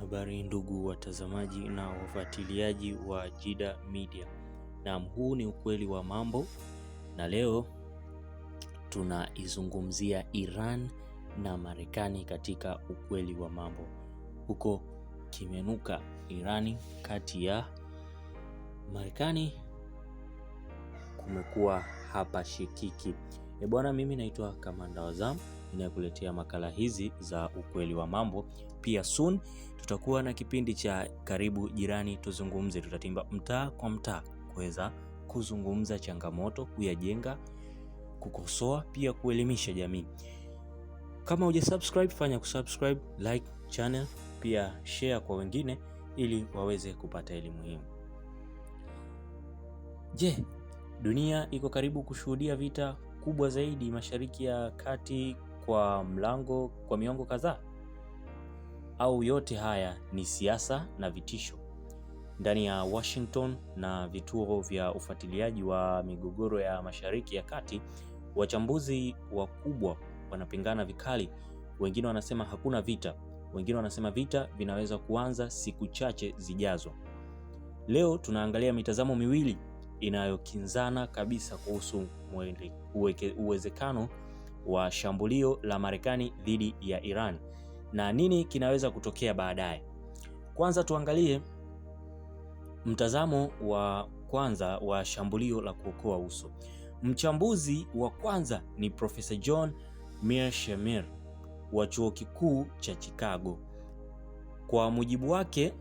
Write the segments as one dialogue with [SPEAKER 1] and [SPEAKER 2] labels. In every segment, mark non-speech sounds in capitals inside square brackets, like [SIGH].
[SPEAKER 1] Habari ndugu watazamaji na wafuatiliaji wa Jida Media. Naam, huu ni ukweli wa mambo, na leo tunaizungumzia Iran na Marekani katika ukweli wa mambo. Huko kimenuka Irani kati ya Marekani, kumekuwa hapa shikiki. E bwana, mimi naitwa Kamanda Wazam inayokuletea makala hizi za ukweli wa mambo. Pia soon tutakuwa na kipindi cha karibu jirani tuzungumze, tutatimba mtaa kwa mtaa kuweza kuzungumza changamoto, kuyajenga, kukosoa, pia kuelimisha jamii. Kama uja subscribe, fanya kusubscribe, like channel, pia share kwa wengine ili waweze kupata elimu hii. Je, dunia iko karibu kushuhudia vita kubwa zaidi mashariki ya kati kwa mlango kwa miongo kadhaa? Au yote haya ni siasa na vitisho ndani ya Washington na vituo vya ufuatiliaji wa migogoro ya Mashariki ya Kati? Wachambuzi wakubwa wanapingana vikali. Wengine wanasema hakuna vita, wengine wanasema vita vinaweza kuanza siku chache zijazo. Leo tunaangalia mitazamo miwili inayokinzana kabisa kuhusu uwezekano wa shambulio la Marekani dhidi ya Iran na nini kinaweza kutokea baadaye. Kwanza tuangalie mtazamo wa kwanza wa shambulio la kuokoa uso. Mchambuzi wa kwanza ni Profesa John Mearsheimer wa Chuo Kikuu cha Chicago. Kwa mujibu wake,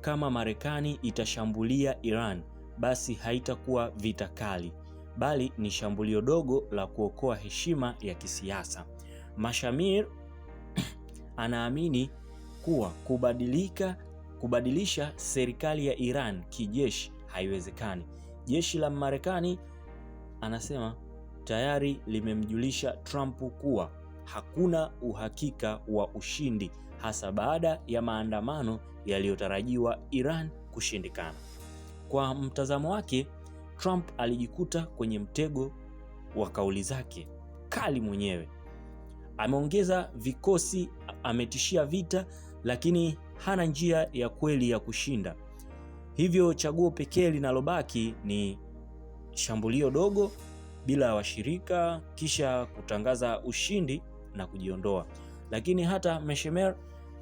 [SPEAKER 1] kama Marekani itashambulia Iran, basi haitakuwa vita kali, bali ni shambulio dogo la kuokoa heshima ya kisiasa. Mashamir [CLEARS THROAT] anaamini kuwa kubadilika, kubadilisha serikali ya Iran kijeshi haiwezekani. Jeshi la Marekani anasema tayari limemjulisha Trump kuwa hakuna uhakika wa ushindi hasa baada ya maandamano yaliyotarajiwa Iran kushindikana. Kwa mtazamo wake Trump alijikuta kwenye mtego wa kauli zake kali mwenyewe. Ameongeza vikosi, ametishia vita, lakini hana njia ya kweli ya kushinda. Hivyo chaguo pekee linalobaki ni shambulio dogo bila washirika, kisha kutangaza ushindi na kujiondoa. Lakini hata Meshemer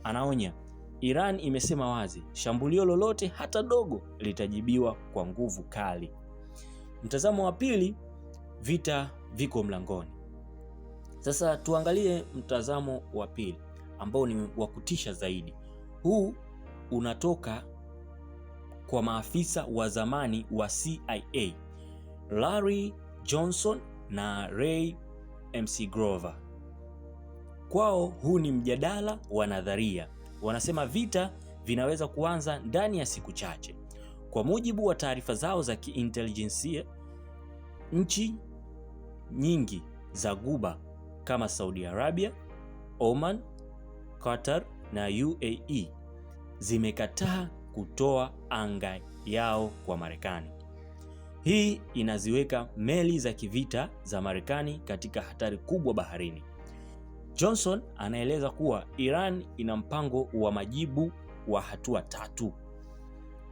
[SPEAKER 1] anaonya, Iran imesema wazi, shambulio lolote hata dogo litajibiwa kwa nguvu kali. Mtazamo wa pili, vita viko mlangoni. Sasa tuangalie mtazamo wa pili ambao ni wa kutisha zaidi. Huu unatoka kwa maafisa wa zamani wa CIA Larry Johnson na Ray McGrover. Kwao huu ni mjadala wa nadharia. Wanasema vita vinaweza kuanza ndani ya siku chache. Kwa mujibu wa taarifa zao za kiintelijensia, nchi nyingi za guba kama Saudi Arabia, Oman, Qatar na UAE zimekataa kutoa anga yao kwa Marekani. Hii inaziweka meli za kivita za Marekani katika hatari kubwa baharini. Johnson anaeleza kuwa Iran ina mpango wa majibu wa hatua tatu.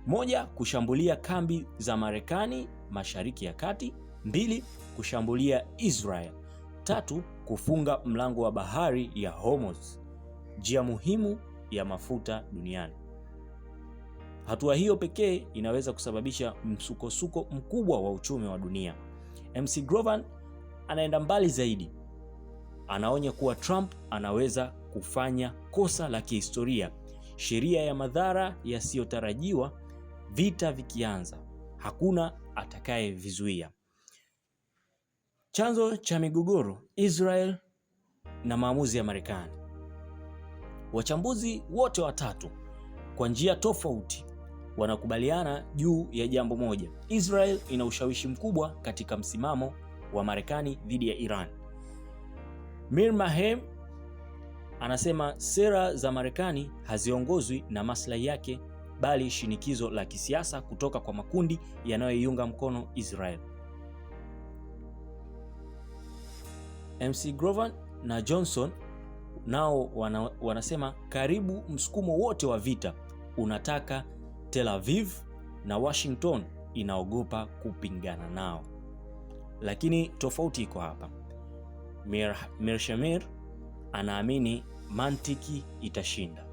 [SPEAKER 1] Moja, kushambulia kambi za Marekani Mashariki ya Kati. Mbili, kushambulia Israel. Tatu, kufunga mlango wa bahari ya Hormuz, njia muhimu ya mafuta duniani. Hatua hiyo pekee inaweza kusababisha msukosuko mkubwa wa uchumi wa dunia. MC Grovan anaenda mbali zaidi, anaonya kuwa Trump anaweza kufanya kosa la kihistoria, sheria ya madhara yasiyotarajiwa vita vikianza, hakuna atakayevizuia. Chanzo cha migogoro Israel na maamuzi ya Marekani. Wachambuzi wote watatu kwa njia tofauti wanakubaliana juu ya jambo moja: Israel ina ushawishi mkubwa katika msimamo wa Marekani dhidi ya Iran. Mir Mahem anasema sera za Marekani haziongozwi na maslahi yake bali shinikizo la kisiasa kutoka kwa makundi yanayoiunga mkono Israel. MC Grovan na Johnson nao wana, wanasema karibu msukumo wote wa vita unataka Tel Aviv na Washington inaogopa kupingana nao. Lakini tofauti iko hapa. Mir Shamir anaamini mantiki itashinda.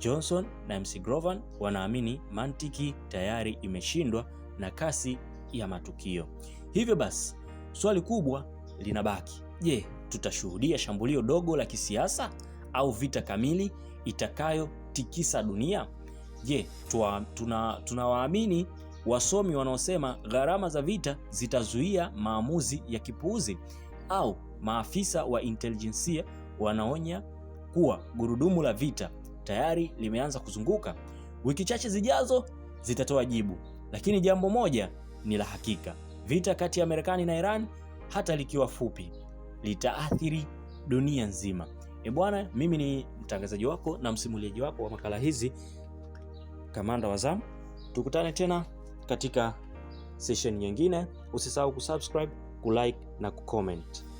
[SPEAKER 1] Johnson na McGovern wanaamini mantiki tayari imeshindwa na kasi ya matukio. Hivyo basi, swali kubwa linabaki. Je, tutashuhudia shambulio dogo la kisiasa au vita kamili itakayotikisa dunia? Je, tunawaamini tuna wasomi wanaosema gharama za vita zitazuia maamuzi ya kipuuzi au maafisa wa intelijensia wanaonya kuwa gurudumu la vita tayari limeanza kuzunguka, wiki chache zijazo zitatoa jibu. Lakini jambo moja ni la hakika, vita kati ya Marekani na Iran, hata likiwa fupi, litaathiri dunia nzima. E bwana, mimi ni mtangazaji wako na msimuliaji wako wa makala hizi, Kamanda wa zam Tukutane tena katika session nyingine. Usisahau kusubscribe, kulike na kucomment.